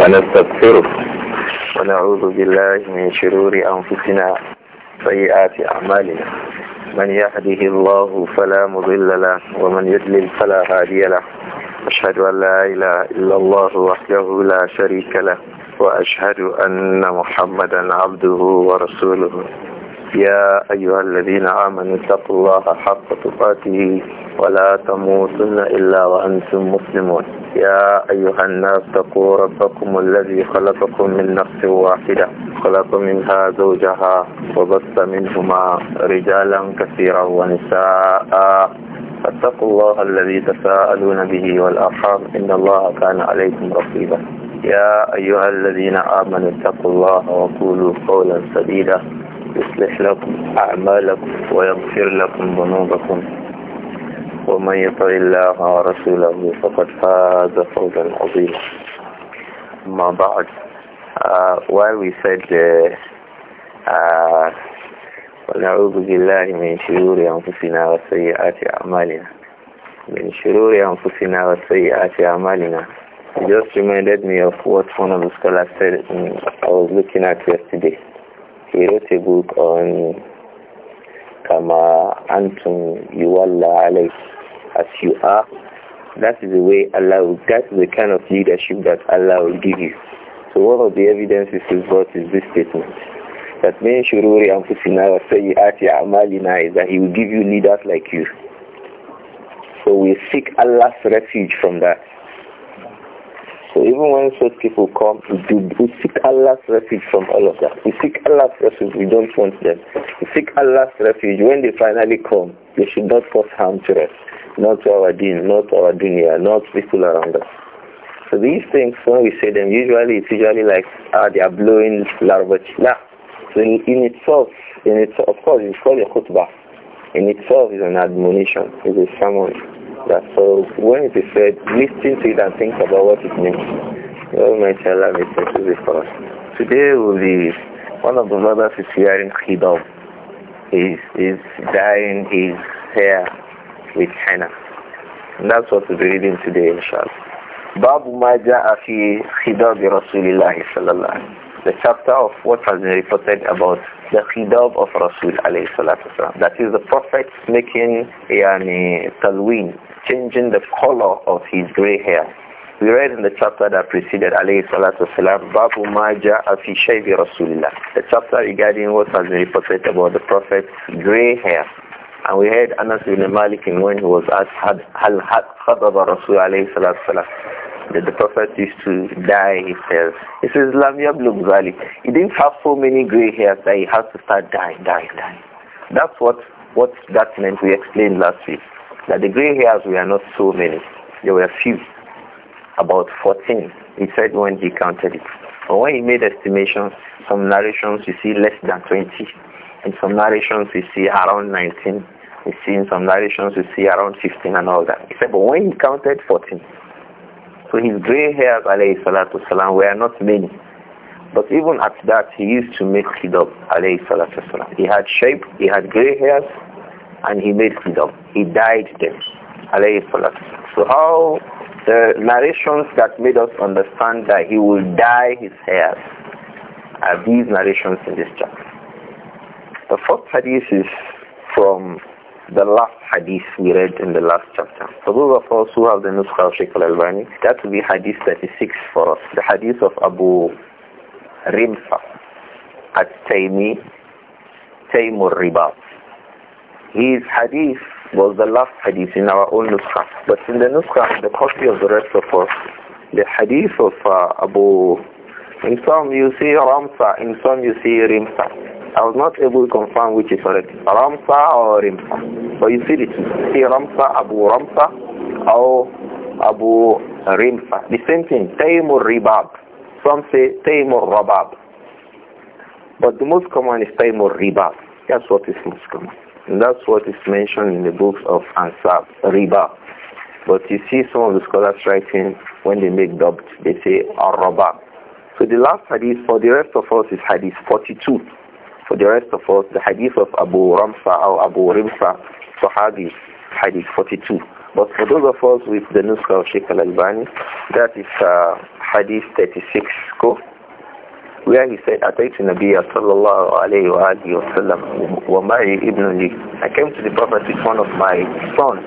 ونستغفره ونعوذ بالله من شرور أنفسنا سيئات أعمالنا من يهده الله فلا مضل له ومن يضلل فلا هادي له أشهد أن لا إله إلا الله وحده لا شريك له وأشهد أن محمدا عبده ورسوله يا أيها الذين آمنوا اتقوا الله حق تقاته ولا تموتن إلا وأنتم مسلمون يا أيها الناس اتقوا ربكم الذي خلقكم من نفس واحدة خلق منها زوجها وبث منهما رجالا كثيرا ونساء فاتقوا الله الذي تساءلون به والأرحام إن الله كان عليكم رقيبا يا أيها الذين آمنوا اتقوا الله وقولوا قولا سديدا يصلح لكم أعمالكم ويغفر لكم ذنوبكم ومن يطع الله ورسوله فقد فاز فوزا عظيما أما بعد while we said uh, uh, ونعوذ بالله من شرور أنفسنا وسيئات أعمالنا من شرور أنفسنا وسيئات أعمالنا It just reminded me of what one of the scholars said I was looking at yesterday. He wrote a book on Kama Antum Yuwalla Alayh, as you are. That is the way Allah will, that is the kind of leadership that Allah will give you. So one of the evidences he brought is this statement. That men shururi anfusina wa sayyati a'malina is that he will give you leaders like you. So we seek Allah's refuge from that. So even when such people come, we seek Allah's refuge from all of that. We seek Allah's refuge. We don't want them. We seek Allah's refuge. When they finally come, they should not cause harm to us, not to our deen, not our dunya, not people around us. So these things, when we say them, usually it's usually like, ah, they are blowing larvae. Nah. So in, in itself, in itself, of course, it's called a khutbah. In itself is an admonition, it's a sermon. That so when it is said, listen to it and think about what it means. Almighty Allah may settle it for us. Today will be one of the brothers is hearing khidab. He's, is dyeing his hair with henna. And that's what we'll be reading today, inshallah. Babu Maja Afi Khidab Rasulullah sallallahu The chapter of what has been reported about the Khidab of Rasul alayhi salatu That is the Prophet making yani, talween, changing the color of his gray hair. We read in the chapter that preceded alayhi salatu wasalam, Babu Maja Afi Shaybi Rasulillah, the chapter regarding what has been reported about the Prophet's gray hair. And we heard Anas ibn Malik when he was asked, Hal had khadaba Rasul alayhi salatu wasalam, that the Prophet used to dye his hair. He says, Lam yablug He didn't have so many gray hairs that he had to start dyeing, dyeing, dyeing. That's what, what that meant we explained last week that the gray hairs were not so many. There were few, about 14. He said when he counted it. But when he made estimations, some narrations you see less than 20. In some narrations you see around 19. You see in some narrations you see around 15 and all that. He said, but when he counted 14. So his gray hairs, alayhi salatu salam, were not many. But even at that, he used to make hijab, alayhi salatu salam. He had shape, he had gray hairs, and he made freedom. He died them. So how the narrations that made us understand that he will dye his hair are these narrations in this chapter. The first hadith is from the last hadith we read in the last chapter. For those of us who have the Nuskha of Sheikh al-Albani, that will be hadith 36 for us. The hadith of Abu Rimfa at Taymi, Taymur Ribat. His hadith was the last hadith in our own nuskha. But in the nuskha, the copy of the rest of us, the hadith of uh, Abu, in some you see Ramsa, in some you see Rimsa. I was not able to confirm which is correct, Ramsa or Rimsa. But you see it, see Ramsa, Abu Ramsa, or Abu Rimsa. The same thing, Taymur Ribab. Some say Taymur Rabab. But the most common is Taymur Ribab. That's what is most common. And that's what is mentioned in the books of Ansab, riba. But you see some of the scholars writing, when they make doubt, they say araba. So the last hadith for the rest of us is hadith 42. For the rest of us, the hadith of Abu Ramsa or Abu Rimsa, Sahabi, hadith 42. But for those of us with the Nuska of Sheikh Al-Albani, that is uh, hadith 36. Go where he said, أتيت النبي صلى الله عليه وآله وسلم ومعي ابن لي. I came to the Prophet with one of my sons.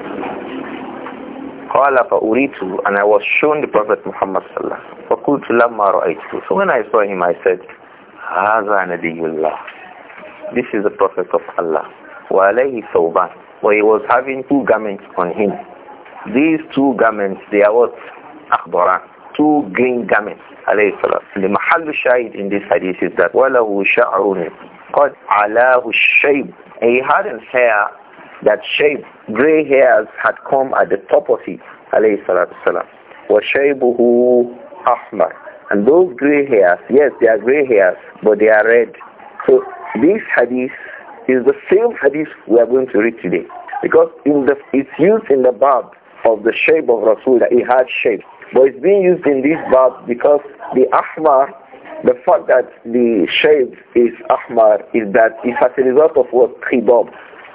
قال فأريته and I was shown the Prophet Muhammad صلى الله عليه وسلم فقلت لما رأيته. So when I saw him I said, هذا نبي الله. This is the Prophet of Allah. وعليه ثوبان. But he was having two garments on him. These two garments, they are what? أخضران two green garments, alayhi salam. The mahal shahid in this hadith is that, وَلَهُ شَعْرٌ قَدْ عَلَاهُ الشَّيْبُ He had a hair that shaved. gray hairs had come at the top of it, alayhi salatu salam. وَشَيْبُهُ أَحْمَرٌ And those gray hairs, yes, they are gray hairs, but they are red. So this hadith is the same hadith we are going to read today. Because in the, it's used in the bab of the shape of Rasul that he had shape. But it's being used in this verb because the ahmar, the fact that the shade is ahmar is that it's as a result of what khibab.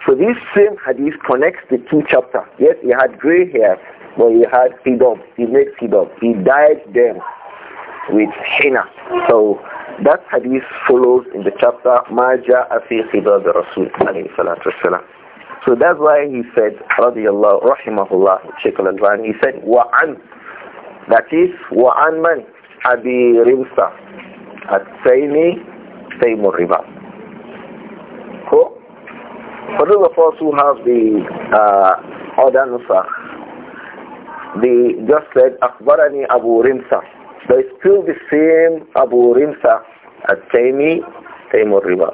So this same hadith connects the two chapters. Yes, he had gray hair, but he had khibab. He made khibab. He dyed them with henna. So that hadith follows in the chapter Maja Afi Khibab Rasul alayhi salatu wasalam. So that's why he said, radiyallahu rahimahullah, he said, وَعَنْ that is وعن من أبي رمسة التيمي تيم الربا cool. For those of us who have the uh, other nusakh, they just said أخبرني أبو رمسة There is still the same Abu Rimsa التيمي تيم الربا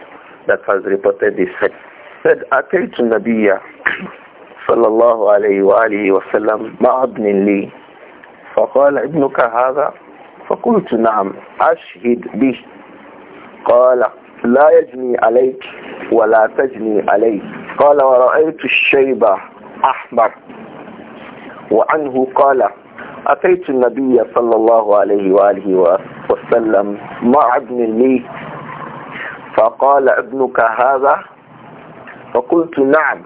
that has reported this hadith. Said أتيت النبي صلى الله عليه وآله وسلم مع ابن لي فقال ابنك هذا فقلت نعم أشهد به قال لا يجني عليك ولا تجني علي قال ورأيت الشيبة أحمر وعنه قال أتيت النبي صلى الله عليه وآله وسلم مع ابن لي فقال ابنك هذا فقلت نعم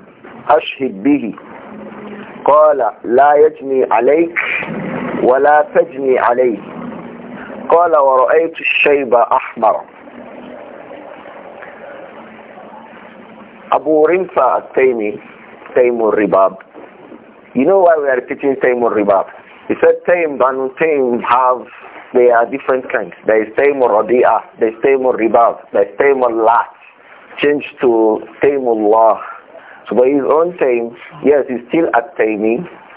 أشهد به قال لا يجني عليك ولا تجني عليه قال ورأيت الشيب أحمر Abu Rimfa Taimi, Taymur Ribab. You know why we are repeating Taymur Ribab? He said Taim and Taim have, they are different kinds. There is Taimur radia, there is Taimur Ribab, there is Taymur Lat, changed to lah. So by his own Taim, yes, he's still at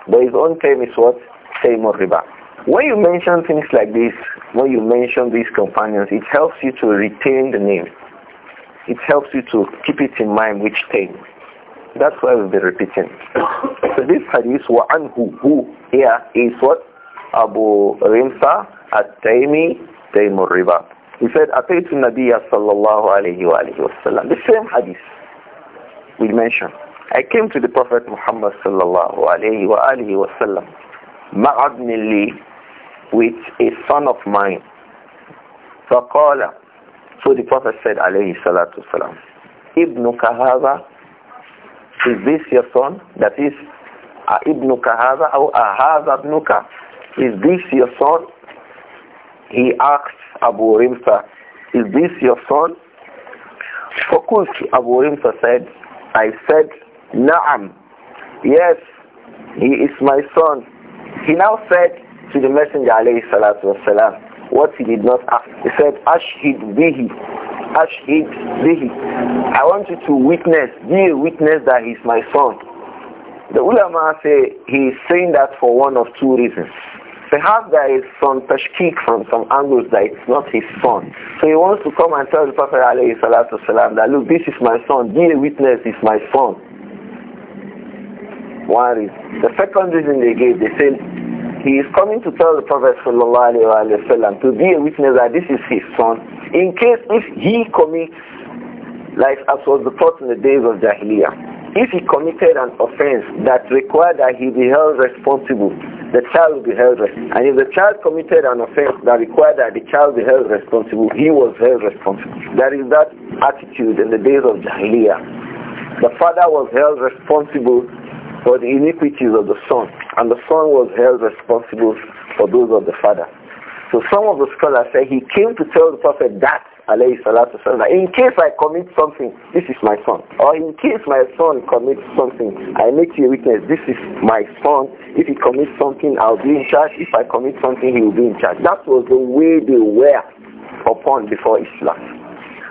but his own Taim is what? Same Riba. When you mention things like this, when you mention these companions, it helps you to retain the name. It helps you to keep it in mind which thing. That's why we'll be repeating. so this hadith, وَعَنْهُ who here is what? Abu Rimsa at-Taymi Taymur Riba. He said, أَتَيْتُ النَّبِيَّ sallallahu alayhi wa alayhi wa sallam. The same hadith we mentioned. I came to the Prophet Muhammad sallallahu alayhi wa alayhi wa sallam ma'adnili with a son of mine. فَقَالَ So the Prophet said, alayhi salatu salam, Ibn Kahava, is this your son? That is, Ibn Kahava, or Ahaza Ibn Is this your son? He asked Abu Rimsa, is this your son? Fakulti Abu Rimsa said, I said, Na'am, yes, he is my son. He now said to the Messenger alayhi salatu wasalam, what he did not ask. He said, Ashhid bihi. Ashhid bihi. I want you to witness, be a witness that he's my son. The ulama say he is saying that for one of two reasons. Perhaps there is some tashkik from some angles that it's not his son. So he wants to come and tell the Prophet ﷺ that look, this is my son, be a witness, is my son. One is The second reason they gave, they said, he is coming to tell the Prophet sallallahu alaihi wasallam to be a witness that this is his son, in case if he commits, like as was the thought in the days of Jahiliyyah, if he committed an offense that required that he be held responsible, the child will be held responsible. And if the child committed an offense that required that the child be held responsible, he was held responsible. There is that attitude in the days of Jahiliyyah. The father was held responsible for the iniquities of the son, and the son was held responsible for those of the father. So some of the scholars say he came to tell the prophet that, that in case I commit something, this is my son. Or in case my son commits something, I make you a witness, this is my son. If he commits something, I'll be in charge. If I commit something, he will be in charge. That was the way they were upon before Islam.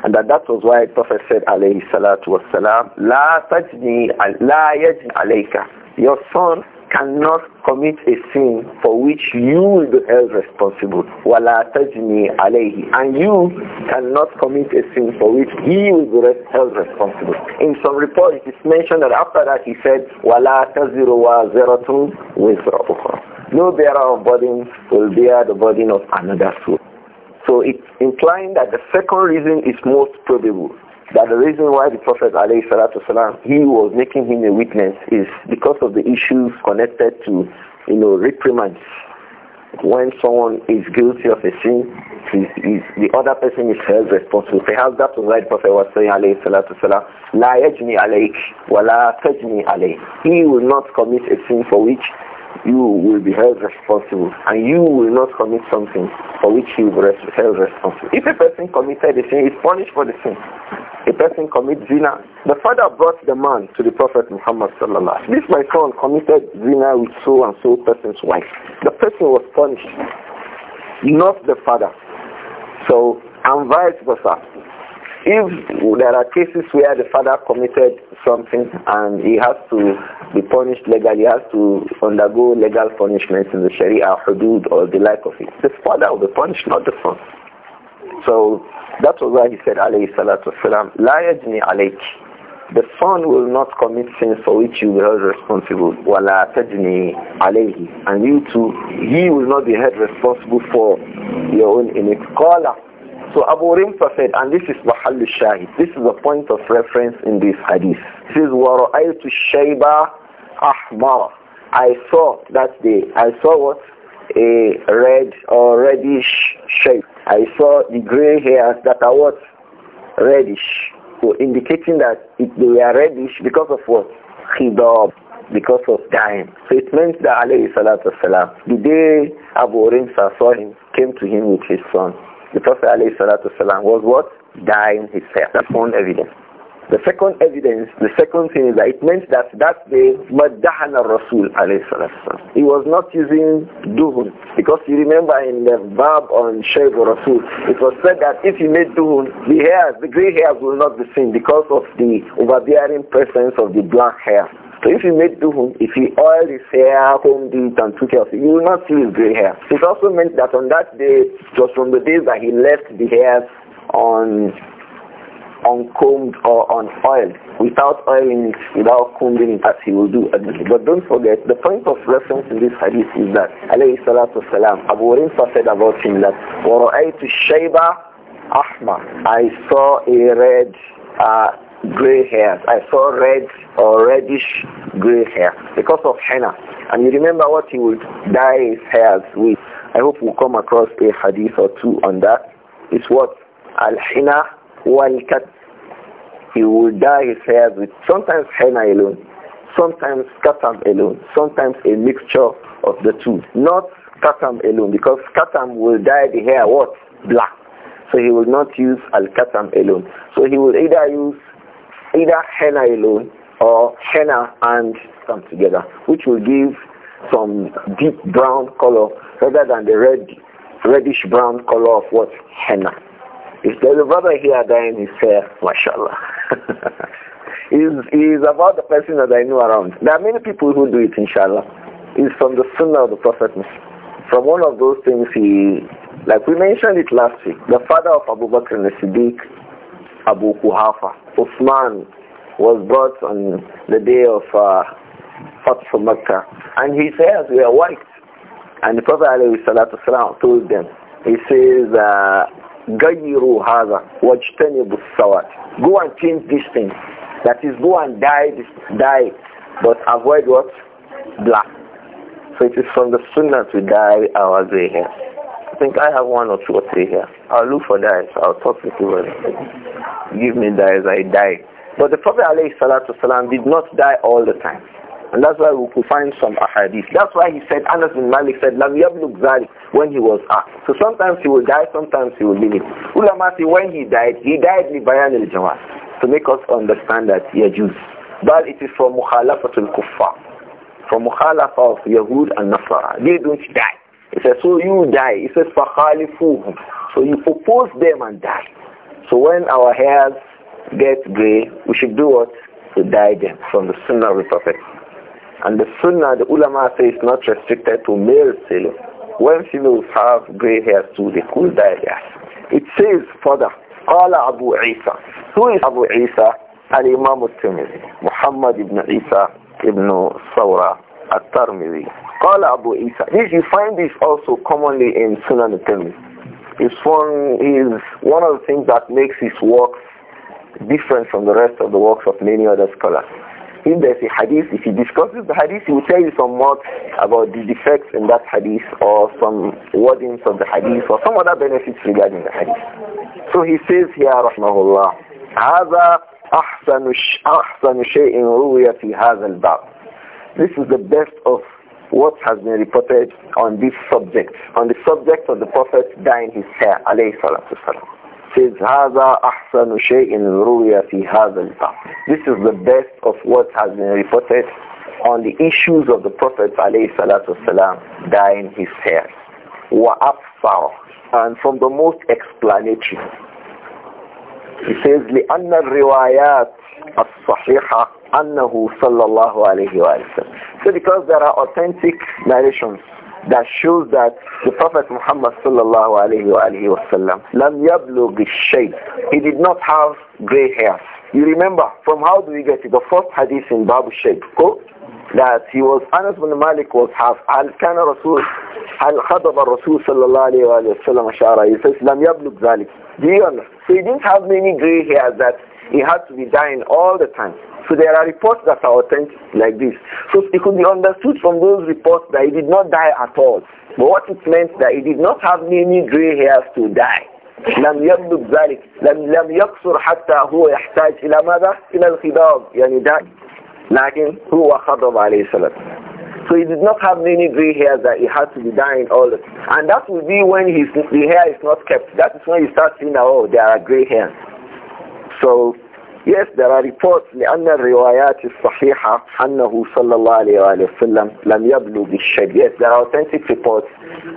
And that, that was why Prophet said, alayhi salatu wasalam, la tajni, la yajni alayka. Your son cannot commit a sin for which you will be held responsible. Wala tajni alayhi. And you cannot commit a sin for which he will be held responsible. In some reports, it is mentioned that after that he said, Wala taziru wa zeratun wizra ukhra. No bearer of burden will bear the burden of another soul. So it's implying that the second reason is most probable. That the reason why the Prophet والسلام, he was making him a witness is because of the issues connected to, you know, reprimands. When someone is guilty of a sin, he's, the other person is held responsible. Perhaps that's why the Prophet was saying, alayhi salatu salam, La yajni alayk, wa alayk. He will not commit a sin for which you will be held responsible and you will not commit something for which you will be held responsible. If a person committed a sin, he's punished for the sin. A person commits zina. The father brought the man to the Prophet Muhammad sallallahu This my son committed zina with so and so person's wife. The person was punished, not the father. So, I'm vice versa. If there are cases where the father committed something and he has to be punished legally, he has to undergo legal punishments in the Sharia, hudud, or the like of it, the father will be punished, not the son. So that was why he said, alayhi salatu wasalam, la yajni alayk. The son will not commit sins for which you will be responsible. Wala tajni alayhi. And you too, he will not be held responsible for your own iniquity. So Abu Rimfa said, and this is Mahal Shahid, this is the point of reference in this hadith. This is وَرَأَيْتُ الشَّيْبَ أَحْمَرَ I saw that day, I saw what? A red or reddish shape. I saw the gray hairs that are what? Reddish. So indicating that it, they are reddish because of what? Khidab because of dying. So it means that alayhi salatu salam, the day Abu Rimsa saw him, came to him with his son. The Prophet was what? Dying himself. That's one evidence. The second evidence, the second thing is that it means that that day, Madahana Rasul He was not using duhun because you remember in the verb on Shayb Rasul, it was said that if you made duhun, the hairs, the gray hairs will not be seen because of the overbearing presence of the black hair. So if you made duhum, if you oiled his hair, combed it, and took care of it, you will not see his gray hair. It also meant that on that day, it was from the days that he left the hair on uncombed or unoiled, without oiling it, without combing it as he will do. But don't forget, the point of reference in this hadith is that, alayhi salatu salam, Abu Rinsa said about him that, وَرَأَيْتُ الشَّيْبَ أَحْمَرَ I saw a red uh, gray hairs. I saw red or reddish gray hair because of henna. And you remember what he would dye his hairs with. I hope we'll come across a hadith or two on that. It's what? Al-henna wal-kat. He would dye his hairs with sometimes henna alone, sometimes katam alone, sometimes a mixture of the two. Not katam alone because katam will dye the hair what? Black. So he will not use al-katam alone. So he will either use either henna alone or henna and come together, which will give some deep brown color rather than the red, reddish brown color of what henna. If there's a brother here dyeing his hair, mashallah. he's, he's about the person that I know around. There are many people who do it, inshallah. It's from the sunnah of the Prophet. From one of those things he, like we mentioned it last week, the father of Abu Bakr as siddiq Abu Kuhafa. Uthman was brought on the day of uh, Fatih Makkah and says, we are white. And the Prophet ﷺ told them, he says, uh, غيروا هذا واجتنبوا السواد. Go and change this thing. That is, go and dye, this, dye but avoid what? Black. So it is from the sunnah to dye our gray hair. I think I have one or two or three here. I'll look for that. I'll talk to you later." give me that as I die. But the Prophet ﷺ did not die all the time. And that's why we could find some ahadith. That's why he said, Anas bin Malik said, Lam yablug zalik, when he was asked. So sometimes he will die, sometimes he will live. Ulama say, when he died, he died li bayan al jawaz to make us understand that he are Jews. But it is from mukhalafatul kuffar, from mukhalafa of Yahud and Nasara. They don't die. He says, so you die. He says, فَخَالِفُوهُمْ So you oppose them and die. So when our hairs get gray, we should do what? To dye them from the sunnah of the Prophet. And the sunnah, the ulama say, is not restricted to male sailors. When females have gray hairs too, they could dye their It says further, قال Abu Isa. Who is Abu Isa? الإمام الترمذي محمد بن عيسى ابن ثورة الترمذي قال أبو عيسى This you find this also commonly in Sunan al-Tirmidhi is one is one of the things that makes his works different from the rest of the works of many other scholars. If there's a hadith, if he discusses the hadith, he will tell you some words about the defects in that hadith or some wordings of the hadith or some other benefits regarding the hadith. So he says here, Rahmahullah, هذا أحسن, أحسن شيء روي في هذا الباب. This is the best of what has been reported on this subject, on the subject of the Prophet dying his hair, alayhi salatu salam. Says, هذا أحسن شيء روي في هذا This is the best of what has been reported on the issues of the Prophet alayhi salatu salam dyeing his hair. وأفصر. And from the most explanatory He says, لأن الروايات الصحيحة أنه صلى الله عليه وسلم. So because there are authentic narrations that shows that the Prophet Muhammad صلى الله عليه وسلم لم يبلغ lam He did not have gray hairs. You remember, from how do we get it? The first hadith in Babu Shaykh. Go. that he was Anas bin Malik was half al kana Rasul al khadab Rasul sallallahu alayhi wa sallam shara he says lam yablug zalik do you understand so he didn't have many gray hairs that he had to be dying all the time so there are reports that are authentic like this so it could be understood from those reports that he did not die at all but what it meant that he did not have many gray hairs to die لم يبلغ ذلك لم لم يقصر حتى هو يحتاج الى ماذا الى الخضاب يعني ذلك. Lakin, huwa khadab alayhi salam. So he did not have many gray hairs that he had to be dying all the time. And that will be when his, the hair is not kept. That is when you start seeing, oh, there are gray hairs. So Yes, there are reports لأن الروايات الصحيحة أنه صلى الله عليه وآله وسلم لم يبلغ الشيب. Yes, there are authentic reports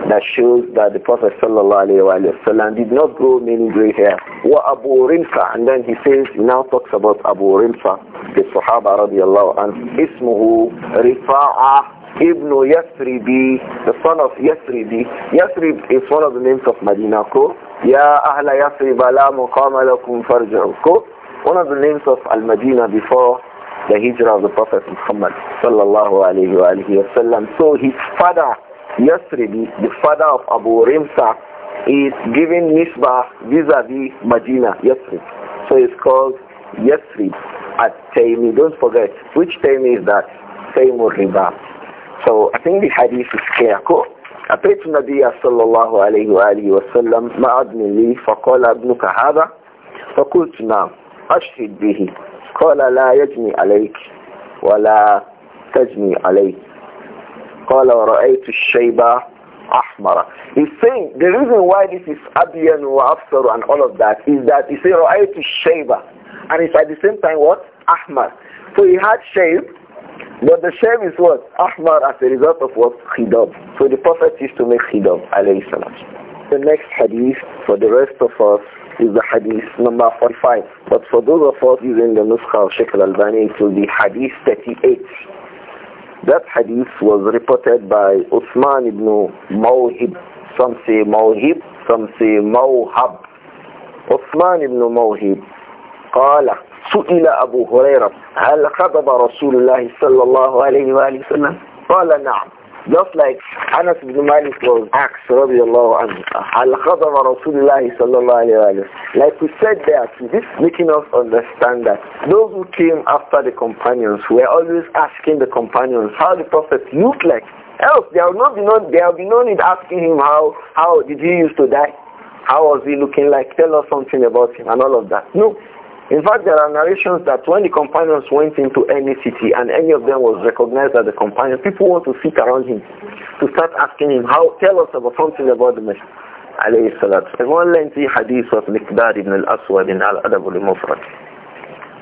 that shows that the Prophet صلى الله عليه وآله وسلم did not grow many gray hair. وأبو رمفة and then he says, he now talks about أبو رمفة the Sahaba رضي الله عنه اسمه رفاعة Ibn Yasribi, the son of Yasribi. Yasrib is one of the names of Madinah. Ko, Ya Ahla Yasrib, la muqama lakum farja'u. One of the names of Al-Madinah before the hijrah of the Prophet Muhammad sallallahu alayhi wa alayhi wa So his father, Yasribi, the father of Abu Rimsa, is given nisbah vis-a-vis Medina, Yasrib. So it's called Yasrib at Taymi. Don't forget, which Taymi is that? Taymur Riba. So I think the hadith is clear. أتيت النبي صلى الله عليه وآله وسلم مع ابن لي فقال ابنك هذا فقلت نعم أشهد به قال لا يجني عليك ولا تجني عليك قال ورأيت الشيبة أحمر He's saying the reason why this is أبين وأفسر and all of that is that he said رأيت الشيبة and it's at the same time what? أحمر. So he had shave but the shame is what? Ahmar as a result of what? Khidab. So the Prophet used to make khidab, alayhi salam. The next hadith for the rest of us is the hadith number 45. But for those of us using the Nuskha of Sheikh al-Albani, it will be hadith 38. That hadith was reported by Uthman ibn Mawhib. Some say Mawhib, some say Mawhab. Uthman ibn Mawhib قال سئل أبو هريرة هل خطب رسول الله صلى الله عليه وآله وسلم قال نعم just like Anas ibn Malik was asked, Al-Khadama Rasulullah sallallahu alayhi wa Like we said there, this making us understand that those who came after the companions were always asking the companions how the Prophet looked like. Else, there will not be no, there will be no need asking him how, how did he used to die? How was he looking like? Tell us something about him and all of that. No. In fact, there are narrations that when the companions went into any city and any of them was recognized as a companion, people want to sit around him to start asking him, how, tell us about something about the Messenger. one lengthy hadith of Miqdad ibn al-Aswad in Al-Adab al-Mufrad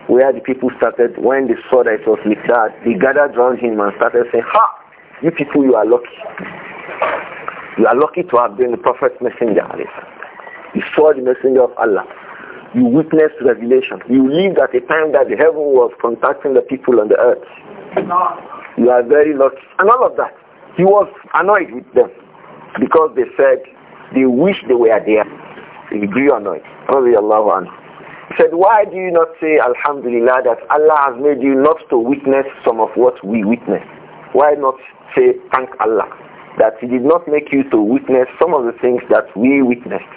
where the people started, when they saw that it was Miqdad, they gathered around him and started saying, ha, you people, you are lucky. You are lucky to have been the Prophet's messenger. You saw the messenger of Allah you witnessed revelation. You lived at a time that the heaven was contacting the people on the earth. You are very lucky. And all of that. He was annoyed with them because they said they wish they were there. He grew annoyed. Allah He said, why do you not say, Alhamdulillah, that Allah has made you not to witness some of what we witnessed? Why not say, thank Allah, that he did not make you to witness some of the things that we witnessed?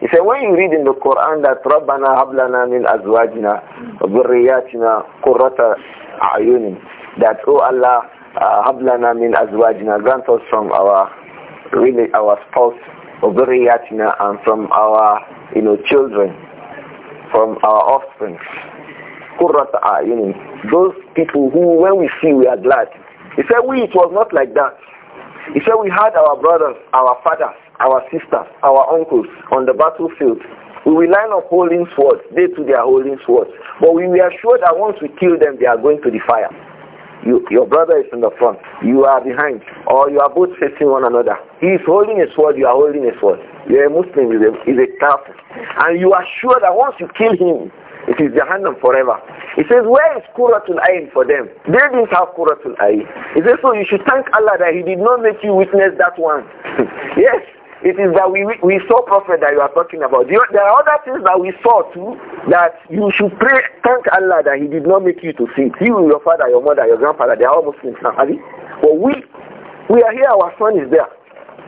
He said, when you read in the Quran that Rabbana هَبْلَنَا azwajna, أَزْوَاجِنَا وَذُرِّيَّاتِنَا قُرَّةَ That, oh Allah, هَبْلَنَا uh, min أَزْوَاجِنَا Grant us from our, really, our spouse, burriyatina, and from our, you know, children, from our offspring. قُرَّةَ أَعْيُنٍ Those people who, when we see, we are glad. He said, we, it was not like that. He said, we had our brothers, our fathers, our sisters, our uncles on the battlefield. We will line up holding swords, they to their holding swords. But we are sure that once we kill them, they are going to the fire. You, your brother is in the front, you are behind, or you are both facing one another. He is holding a sword, you are holding a sword. You are a Muslim, is a, is a kafir. And you are sure that once you kill him, it is Jahannam forever. He says, where is Quratul Ayn for them? They didn't have Quratul Ayn. It says, so you should thank Allah that he did not make you witness that one. yes, it is that we, we saw prophet that you are talking about. There are other things that we saw too that you should pray, thank Allah that he did not make you to see You, your father, your mother, your grandfather, they are all Muslims now, Ali. But we, we are here, our son is there.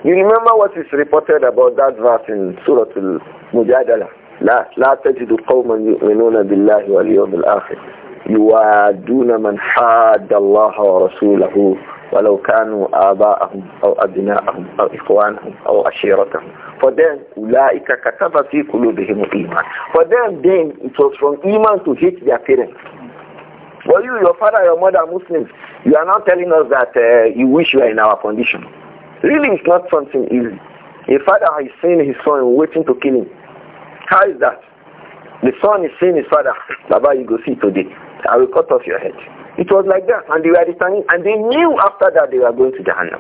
You remember what is reported about that verse in Surah Al-Mujadala. لا لا تجد قوما يؤمنون بالله واليوم الآخر يوادون من حاد الله ورسوله ولو كانوا آباءهم أو أبناءهم أو إخوانهم أو أشيرتهم For them, أولئك كتب في قلوبهم الإيمان For them, then it was from Iman to hate their parents For you, your father, your mother are Muslims You are now telling us that uh, you wish you were in our condition Really, it's not something easy A father has seen his son waiting to kill him How is that? The son is seeing his father Baba, you go see today I will cut off your head it was like that, and they were standing, and they knew after that they were going to Jahannam.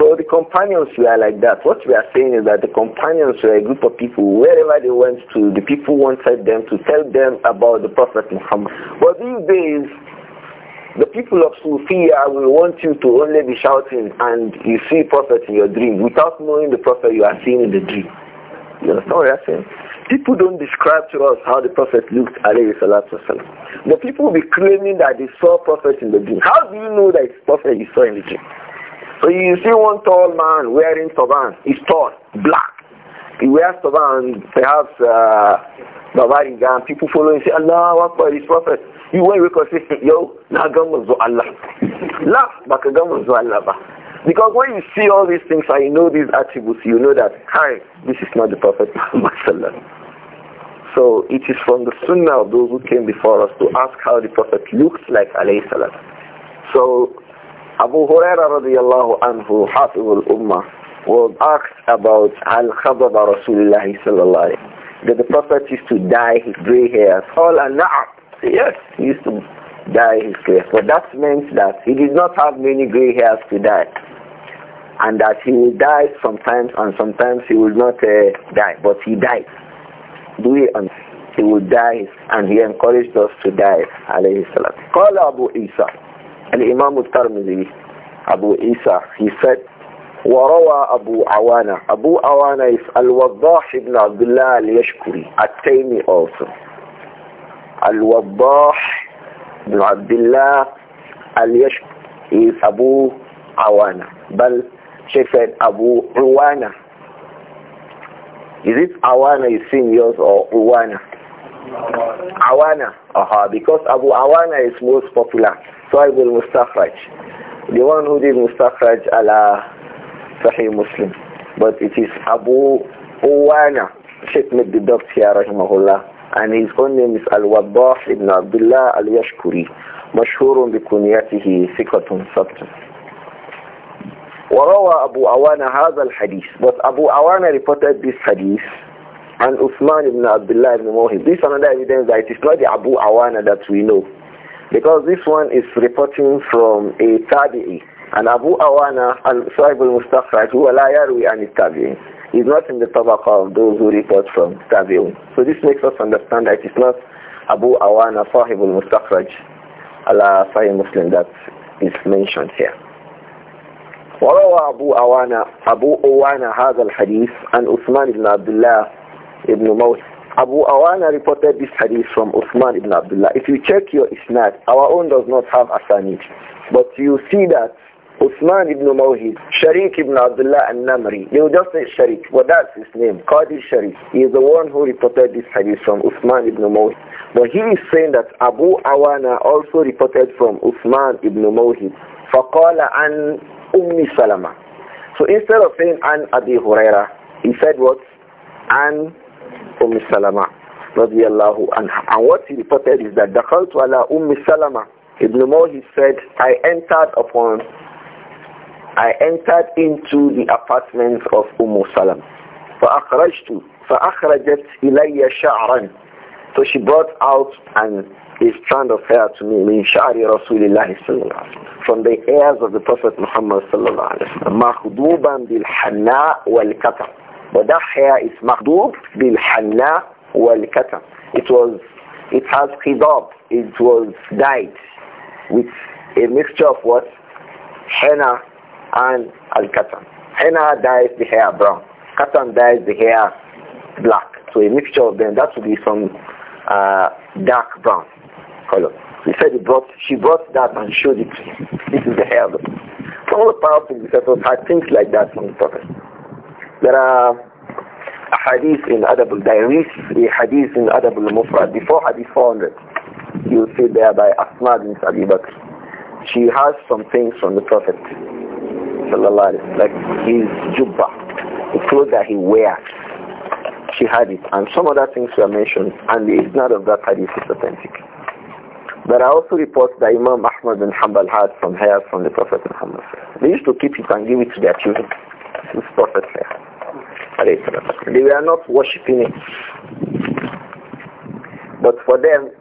So the companions were like that. What we are saying is that the companions were a group of people. Wherever they went to, the people wanted them to tell them about the Prophet Muhammad. But these days, the people of Sufia will want you to only be shouting and you see Prophet in your dream without knowing the Prophet you are seeing in the dream. You understand what I'm saying? People don't describe to us how the Prophet looked, alayhi salatu wasalam. people will be claiming that they saw Prophet in the dream. How do you know that it's Prophet you saw in the dream? So you see one tall man wearing turban. He's tall, black. He wears turban, perhaps uh, Bavariga, and people follow and say, Allah, Akbar, his prophet. You won't wake up and say, yo, na gamazu Allah. Laugh, Allah Because when you see all these things and you know these attributes, you know that, hi, this is not the prophet Muhammad sallallahu so it is from the sunnah of those who came before us to ask how the Prophet looks like alayhi salam. So Abu Huraira radiallahu anhu, Hafizul Ummah, was asked about Al-Khadaba Rasulullah sallallahu alayhi that the Prophet used to dye his gray hairs. All na'am. Yes, he used to dye his gray But that meant that he did not have many gray hairs to dye. And that he would die sometimes and sometimes he would not uh, But he died. Do it and he would die and he encouraged us to die عليه السلام قال أبو عيسى الإمام الترمذي أبو عيسى he said وروى أبو عوانة أبو عوانة is الوضاح بن عبد الله اليشكري التيمي also الوضاح بن عبد الله اليشكري is أبو عوانة بل she said أبو عوانة Is it Awana is in yours or Uwana? Awana. Aha, because Abu Awana is most popular. So I will Mustafraj. The one who did Mustafraj ala Sahih Muslim. But it is Abu Uwana. Sheikh made the here, rahimahullah. And his own name is Al-Wabbah ibn Abdullah al-Yashkuri. bi بكنيته Sikatun ثبت وروى أبو عوانة هذا الحديث but Abu Awana reported this hadith and Uthman ibn Abdullah ibn Muhib this is another evidence that it is not the Abu Awana that we know because this one is reporting from a tabi'i and Abu Awana al-Sahib al-Mustakhraj who la yarwi an tabi'i is not in the tabaqa of those who report from tabi'un so this makes us understand that it is not Abu Awana Sahib al-Mustakhraj ala Sahih Muslim that is mentioned here وروى أبو أوانا أبو أوانا هذا الحديث عن عثمان بن عبد الله ibn موسى Abu Awana reported this hadith from Uthman ibn Abdullah. If you check your isnad, our own does not have asanid. But you see that Uthman ibn Mawhid, Sharik ibn Abdullah and Namri, they will just say Sharik, but that's his name, Kadi Sharik. He is the one who reported this hadith from Uthman ibn Mawhid. But he is saying that Abu Awana also reported from Uthman ibn Mawhid. فقال عن Ummi Salama. So instead of saying An Abi Huraira, he said what? An Ummi Salama. Radiallahu anha. And what he reported is that Dakhal to Allah Ummi Salama. Ibn Mawhi said, I entered upon, I entered into the apartments of Umm Salama. فأخرجت فأخرجت إلي شعرا. So she brought out an is strand of hair to me min shari Rasulillah from the hairs of the Prophet Muhammad sallallahu alaihi wasallam makhduban bil hanna wal katam but that hair is makhdub bil hanna wal katam it was it has khidab it was dyed with a mixture of what henna and al katam henna dyes the hair brown katam dyes the hair black so a mixture of them that would be some uh, dark brown color. He said he brought, she brought that and showed it to him. This is the hair the Some of the powerful disciples had things like that in the Prophet. There are hadith in Adabul dairis a hadith in Adabul mufrad before hadith 400. You see there by Asma bin Abi Bakr. She has some things from the Prophet, like his jubba, the clothes that he wears she had it. And some other things were mentioned, and it's not of that hadith is authentic. There are also reports that Imam Ahmad bin Hanbal had from hair from the Prophet Muhammad. They used to keep it and give it to their children. This is Prophet's hair. They were not worshipping it. But for them,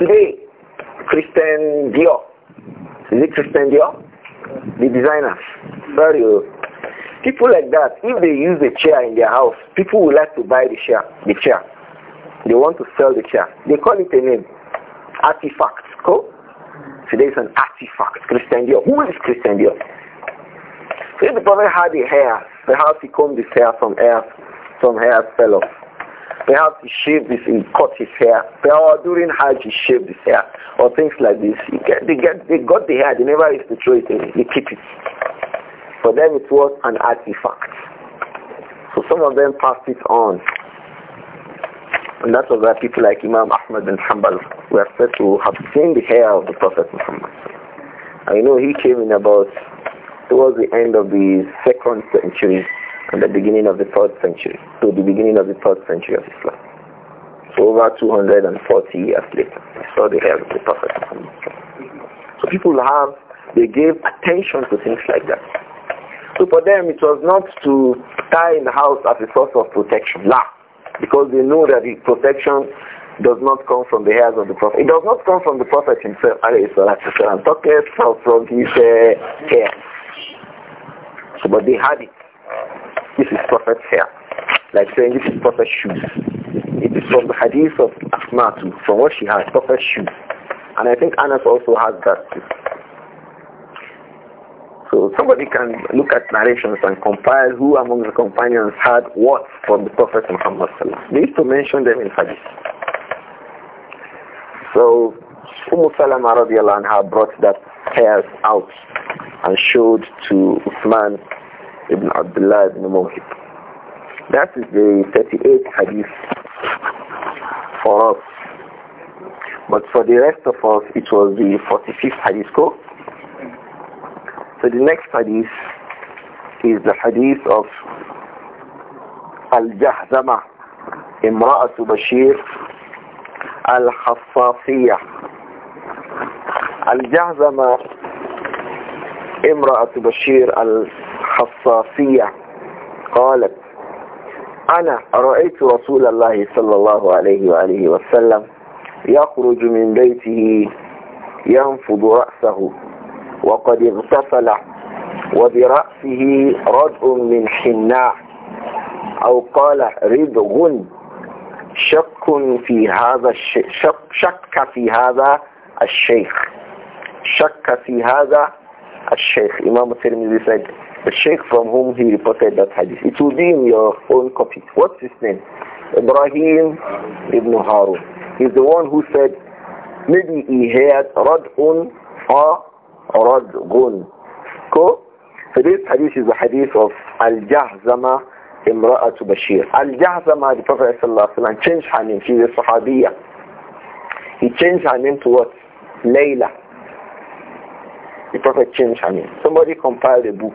today, Christian Dior, is it Christian Dior? The designer. Sorry. Oh. People like that, if they use a chair in their house, people would like to buy the chair. The chair. They want to sell the chair. They call it a name artifact. Cool? Today is an artifact. Christian Dior. Who is Christian Dior? If the Prophet had a hair, perhaps he combed his hair from hair, from hair fell off. Perhaps he shaved his, he cut his hair. Perhaps during Hajj he shaved his hair or things like this. Get, they, get, they got the hair, they never used to throw it in, they keep it. For them it was an artifact. So some of them passed it on. And that's why people like Imam Ahmad and Hanbal we are said to have seen the hair of the Prophet Muhammad. I know he came in about towards the end of the second century and the beginning of the third century, to the beginning of the third century of Islam. So over 240 years later, I saw the hair of the Prophet Muhammad. So people have, they gave attention to things like that. So for them, it was not to tie in the house as a source of protection, la, because they know that the protection does not come from the hairs of the prophet. It does not come from the prophet himself, alayhi salatu wasalam. from his uh, hair. So, but they had it. This is prophet's hair. Like saying this is prophet's shoes. It is from the hadith of Asma too, from what she had, prophet's shoes. And I think Anas also has that too. So somebody can look at narrations and compile who among the companions had what from the Prophet Muhammad. They used to mention them in hadith. So Umm Salama radiallahu anha brought that hairs out and showed to Uthman ibn Abdullah ibn Mawhib. That is the 38th hadith for us. But for the rest of us, it was the 45th hadith. Go. So the next hadith is the hadith of Al-Jahzama, Imra'atu Bashir الحصافية الجهزمة امرأة بشير الحصافية قالت أنا رأيت رسول الله صلى الله عليه وآله وسلم يخرج من بيته ينفض رأسه وقد اغتسل وبرأسه ردء من حناء أو قال ردغ يكون في هذا الشيء شك في هذا الشيخ شك في هذا الشيخ إمام الترمذي said the sheikh from whom he reported that hadith it will be in your own copy what's his name Ibrahim ibn Harun he's the one who said maybe he heard rad'un or rad'un ko so this hadith is the hadith of Al-Jahzama Imra to Bashir. Al-Jahzama, the Prophet ﷺ, changed her name. She's a Sahabiya. He changed her name to what? Layla. The Prophet changed her name. Somebody compiled a book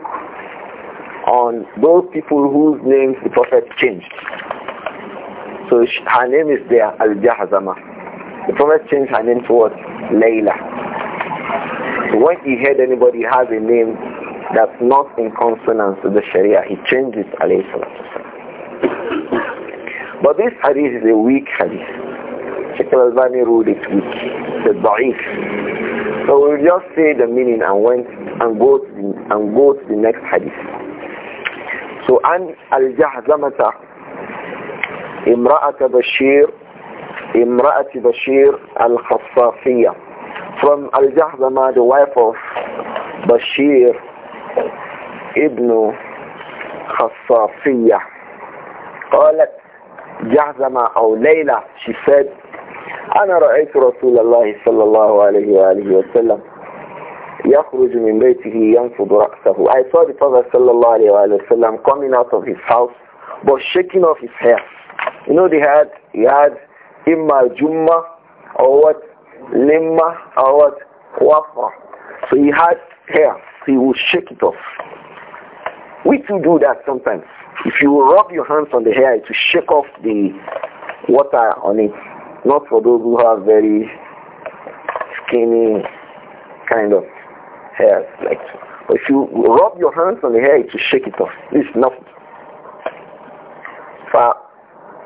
on those people whose names the Prophet changed. So she, her name is there, Al-Jahzama. The Prophet changed her name to what? Layla. So when he heard anybody has a name that's not in consonance with the Sharia, he changed it, alayhi But this hadith is a weak hadith. Sheikh al-Albani ruled it weak, the da'if. So we'll just say the meaning and went and go to the, and go to the next hadith. So an al-Jahzamata, imra'at Bashir, imra'at Bashir al-Khassafiyah. From al-Jahzama, the wife of Bashir ابن خصاصية قالت جهزم أو ليلى she said أنا رأيت رسول الله صلى الله عليه وآله وسلم يخرج من بيته ينفض رأسه I saw the Prophet صلى الله عليه وآله وسلم coming out of his house but shaking off his hair you know they had he had إما جمة أو what لمة أو what وفا so he had hair he will shake it off. We too do that sometimes. If you rub your hands on the hair, it will shake off the water on it. Not for those who have very skinny kind of hair. Like, if you rub your hands on the hair, it will shake it off. It's nothing. But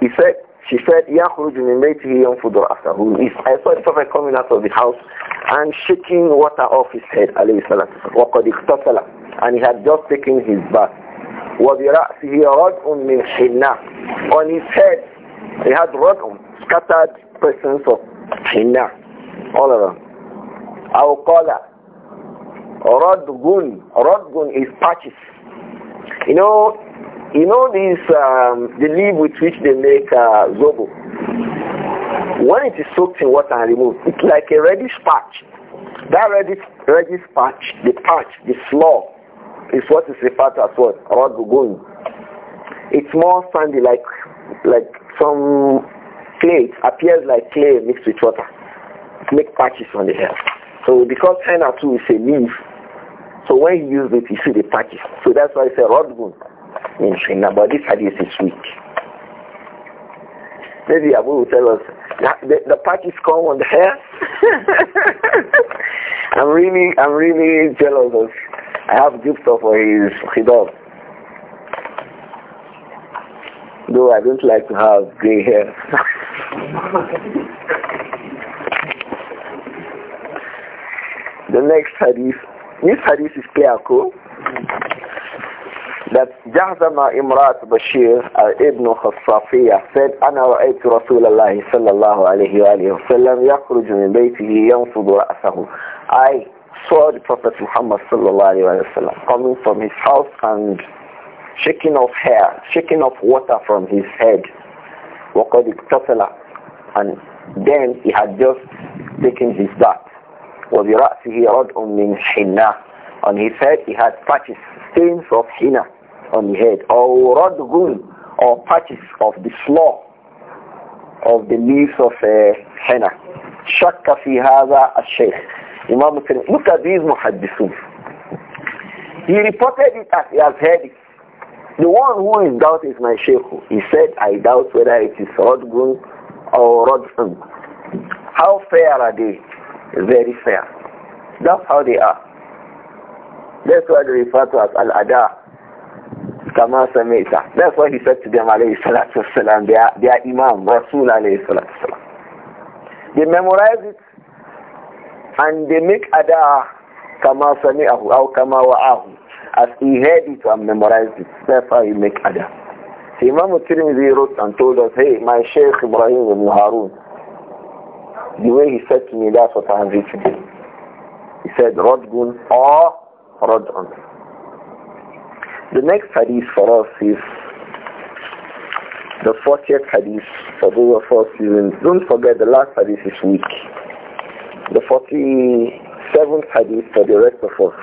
he said, she said, يَخْرُجُ مِنْ بَيْتِهِ يَنْفُضُ رَأْسَهُ I saw the Prophet coming out of the house and shaking water off his head, alayhi salam. وَقَدْ اِخْتَصَلَ And he had just taken his bath. وَبِرَأْسِهِ رَدْءٌ مِنْ حِنَّةٍ On his head, he had رَدْءٌ, scattered presence of حِنَّة, all around. أَوْ قَالَ رَدْغٌ رَدْغٌ is patches. You know, you know this, um, the leaf with which they make uh, zobo. When it is soaked in water and removed, it's like a reddish patch. That reddish, reddish patch, the patch, the slaw, is what is referred to as what? Ragugun. It's more sandy like, like some clay. It appears like clay mixed with water. It makes patches on the hair. So because henna too is a leaf, so when you use it, you see the patches. So that's why it's a rodgun in Sunnah, but this hadith is weak. Maybe Abu will tell us, the, the part is come on the hair. I'm really, I'm really jealous of, I have gift for his khidab. Though I don't like to have gray hair. the next hadith, this hadith is clear, cool? that Jahzama Imrat Bashir uh, ibn Khafrafiyah said, أنا رأيت رسول الله صلى الله عليه وآله وسلم يخرج من بيته ينفض رأسه. I saw the Prophet Muhammad صلى الله عليه وسلم coming from his house and shaking off hair, shaking off water from his head. وقد اقتصل and then he had just taken his bath. وبرأسه رد من حناء and he said he had patches, stains of henna on the head, or radgun, or patches of the floor of the leaves of a uh, henna. Shakka fi hadha al-shaykh. Imam said, look at these muhaddithun. He reported it as he has heard it. The one who is doubt is my sheikh. He said, I doubt whether it is radgun or radfun. How fair are they? Very fair. That's how they are. That's why they refer to as al-ada, that's what he said to them, alayhi salatu wasalam, their, their Imam, Rasul alayhi salatu wasalam. They memorize it and they make ada Kama Sami'ahu or Kama Wa'ahu. As he heard it and memorized it, that's how make ada. So Imam Tirmidhi wrote and told us, hey, my Sheikh Ibrahim ibn Harun, the way he said to me, that's what I am reading. He said, Rodgun or Rodgun. The next hadith for us is the 40th hadith for those of us using. Don't forget the last hadith is weak. The 47th hadith for the rest of us.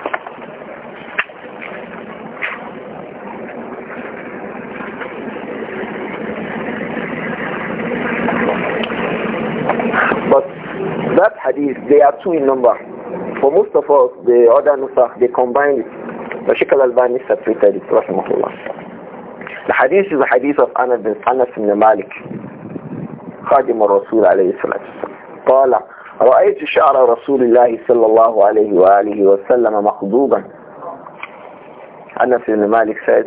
But that hadith, they are two in number. For most of us, the other nusakh, they combine it. فشيخ الألباني في تاريخ رحمه الله الحديث hadith is أنا hadith of بن مالك خادم الرسول عليه الصلاة والسلام قال رأيت شعر رسول الله صلى الله عليه وآله وسلم مخضوبا أنس بن مالك said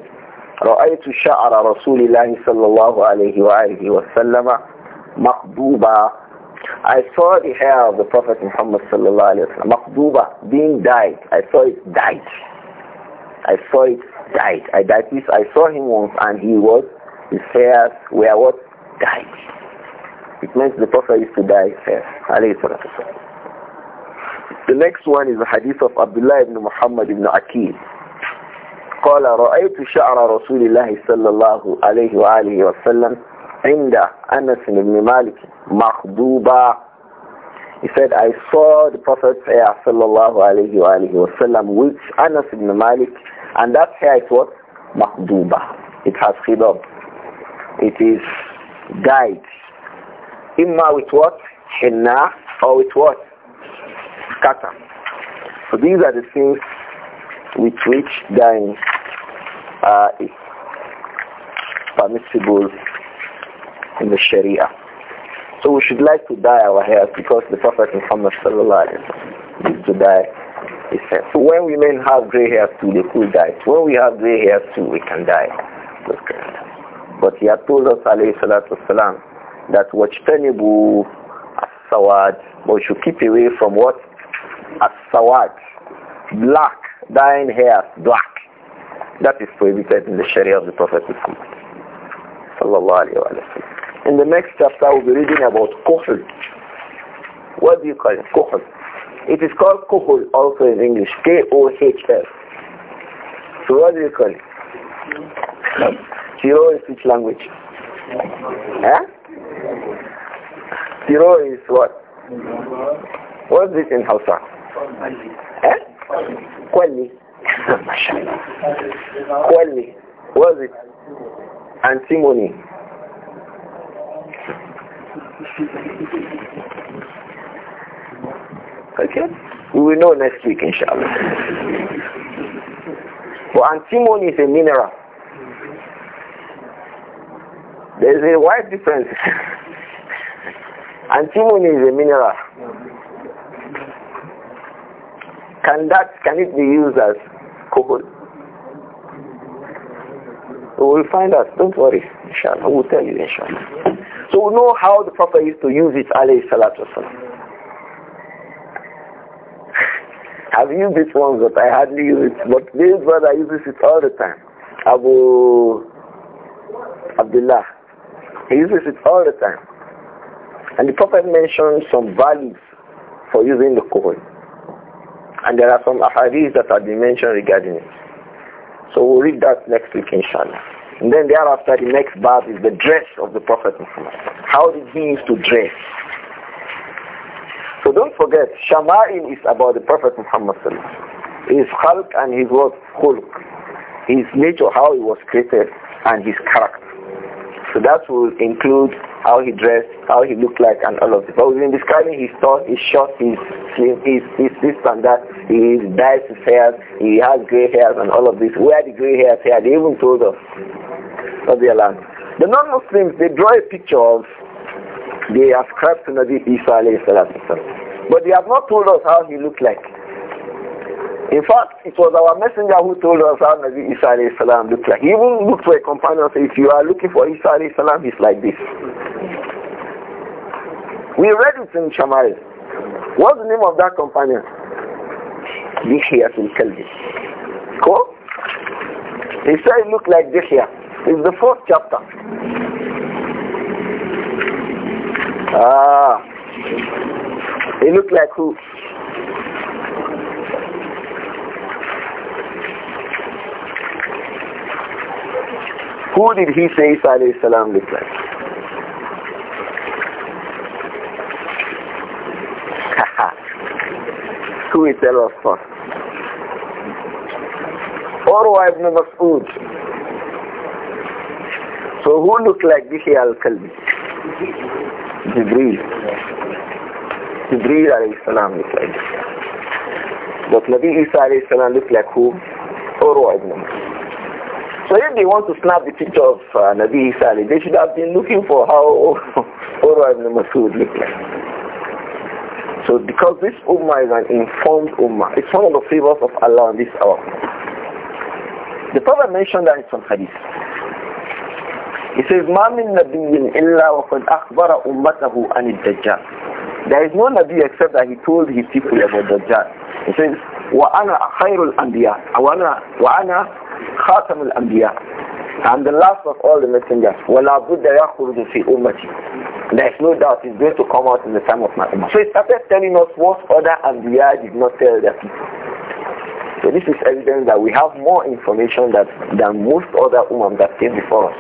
رأيت شعر رسول الله صلى الله عليه وآله وسلم مخضوبا I saw the hair of the Prophet Muhammad صلى الله عليه وسلم مخضوبا being dyed I saw it dyed I saw it died. I died. means I saw him once and he was his hairs were what died. It means the Prophet used to die first. hair. The next one is the hadith of Abdullah ibn Muhammad ibn Akil. قال رأيت شعر رسول الله صلى الله عليه وآله وسلم عند أنس بن مالك مخضوبا he said, I saw the Prophet's hair, eh, sallallahu alayhi wa alayhi wa sallam, which Anas ibn Malik, and that hair is what? Mahduba. It has khidab. It is dyed. Imma with what? Henna, or with what? Scatter. So these are the things with which dying uh, is permissible in the Sharia. So we should like to dye our hair because the Prophet Muhammad sallallahu alaihi wasallam used to dye his hair. So when women have gray hair too, they could dye When we have gray hair too, we can dye But he had told us alayhi salatu wasalam that wajtanibu as-sawad, but we should keep away from what? As-sawad, black, dyeing hair black. That is prohibited in the Sharia of the Prophet Muhammad sallallahu in the next chapter, we'll be reading about kuhl. What do you call it? Kuhl. It is called kuhl also in English. K-O-H-L. So what do you call it? Tiro is which language? Huh? Tiro is what? What's this in Hausa? Eh? Kwali. Kwali. What's it? Antimony. Okay? We will know next week, inshallah. So antimony is a mineral. There is a wide difference. antimony is a mineral. Can that can it be used as cobalt? We will find out. Don't worry, inshallah. We'll tell you, inshallah. So we know how the Prophet used to use it, alayhi salatu I've used it once, but I hardly use it. But this brother uses it all the time. Abu Abdullah. He uses it all the time. And the Prophet mentioned some values for using the Quran. And there are some ahadith that have been mentioned regarding it. So we'll read that next week, inshallah. And then thereafter, the next bath is the dress of the Prophet Muhammad. How did he used to dress? So don't forget, Shama'il is about the Prophet Muhammad His khalq and his what? Khulq. His nature, how he was created, and his character. So that will include how he dressed, how he looked like, and all of it. But within describing his thought, his short, his slim, his, his this and that, he dyed his hair, he has gray hairs and all of this. Where the gray hairs here, they even told us of their land. The non-Muslims, they draw a picture of, they ascribe to Nabi Isa But they have not told us how he looked like. In fact, it was our messenger who told us how Nabi Isa salam looked like. He even looked for a companion and said, if you are looking for Isa salam, he's like this. We read it in Shamari. What's the name of that companion? Dihyatul Kalbi. Cool? He said he looked like Dihya. It's the fourth chapter. Ah. He looked like who? Who did he say Isa alayhi salam looked like? Who will tell us first? Orwa ibn Mas'ud. So who looked like Bihi al-Kalbi? Jibreel. Jibreel alayhi salam looked like this. But Nabi Isa alayhi salam looked like who? Urwa ibn Mas'ud. So if they want to snap the picture of uh, Nabi Isa, they should have been looking for how Urwa ibn would looked like. So because this Ummah is an informed Ummah, it's one of the favors of Allah on this hour. The Prophet mentioned that in some hadith. He says, مَا مِن نَبِيٍّ إِلَّا وَقَدْ أَخْبَرَ أُمَّتَهُ عَنِ الدَّجَّالِ There is no Nabi except that he told his people about Dajjal. He says, وَأَنَا خَيْرُ الْأَنْبِيَاءِ وَأَنَا, وَأَنَا خاتم الانبياء and the last of all the messengers. Abu بُدَّ يَخْرُجُ فِي أُمَّتِي There is no doubt he's going to come out in the time of my ummah. So he started telling us what other Anbiya did not tell their people. So this is evidence that we have more information that, than most other ummah that came before us.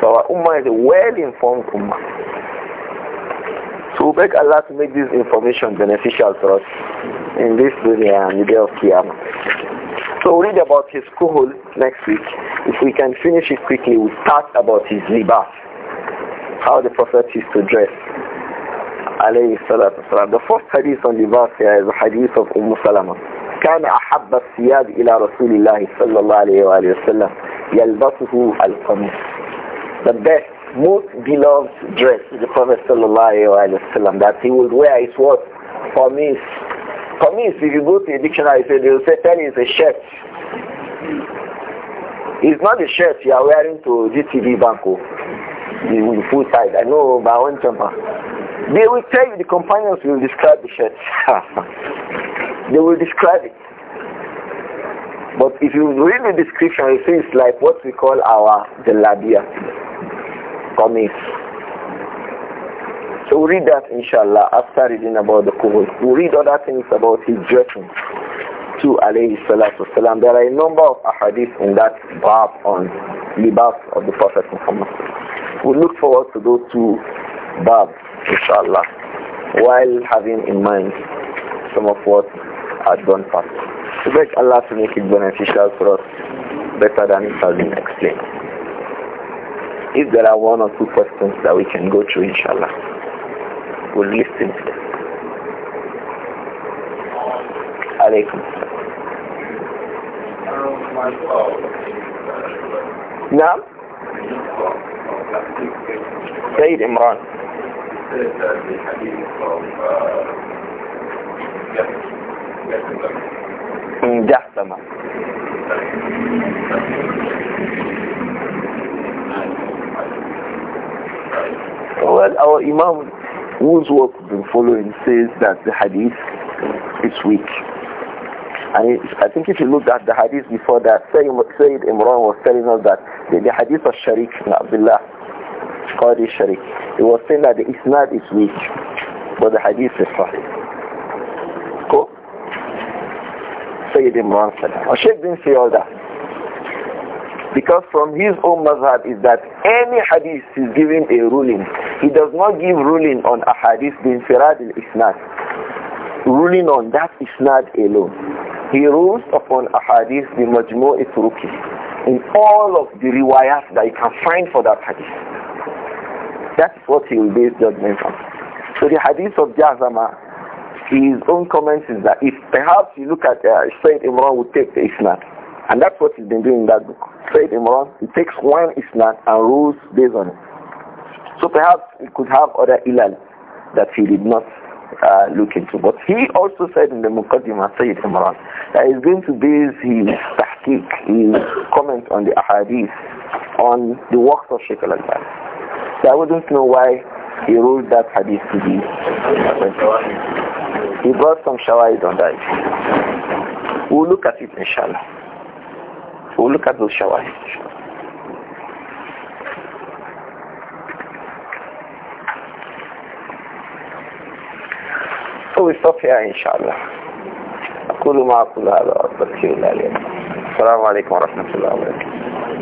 So our ummah is a well-informed ummah. So we beg Allah to make this information beneficial for us in this dunya and the day of Qiyamah. So we'll read about his kuhul next week. If we can finish it quickly, we'll start about his libas, how the Prophet used to dress. The first hadith on libas here is the hadith of Umm Salama. كان أحب الثياب إلى رسول الله صلى الله عليه وآله وسلم يلبسه القميص. The best, most beloved dress the Prophet صلى الله عليه وآله وسلم that he would wear is what? Qamis. For me, if you go to a dictionary, they will say penny is a shirt. It's not the shirt you are wearing to GTV Banco, oh. the, the full size. I know my own temper. They will tell you, the companions will describe the shirt. they will describe it. But if you read the description, you see it's like what we call our the labia, kamis. So we read that inshallah after reading about the Qur'an, We read other things about his judgment to alayhi salatu wasalam. There are a number of ahadith in that bab on the bab of the Prophet Muhammad. We look forward to those two babs inshallah while having in mind some of what had gone past. We beg Allah to make it beneficial for us better than it has been explained. If there are one or two questions that we can go through inshallah. واللي عليكم نعم سيد عمران تمام هو الأول إمام whose work we've been following says that the hadith is weak. And I think if you look at the hadith before that, Sayyid Imran was telling us that the, the hadith of Sharik ibn Abdullah, Qadi Sharik, he was saying that the Isnad is weak, but the hadith is sahih. Cool? Sayyid Imran said that. Or oh, Sheikh didn't say all that. Because from his own mazhab is that any hadith is giving a ruling. He does not give ruling on a hadith bin firad is isnad Ruling on that isnad alone. He rules upon a hadith bin majmu' turuki in all of the riwayat that you can find for that hadith. That's what he will base judgment on. So the hadith of Jazama, his own comment is that if perhaps you look at uh, Imran would take the isnad, and that's what he's been doing in that book. Said Imran, he takes one Islam and rules based on it. So perhaps he could have other ilal that he did not uh, look into. But he also said in the Muqaddimah, Sayyid Imran, that he's going to base his tahqiq, his comment on the ahadith, on the works of Sheikh al-Albani. So I wouldn't know why he ruled that hadith to be. He brought some shawaid on that. We'll look at it inshallah. ويقول لك عدد الشواهد وبالصف يعني إن شاء الله أقول ما أقول هذا الله السلام عليكم ورحمة الله وبركاته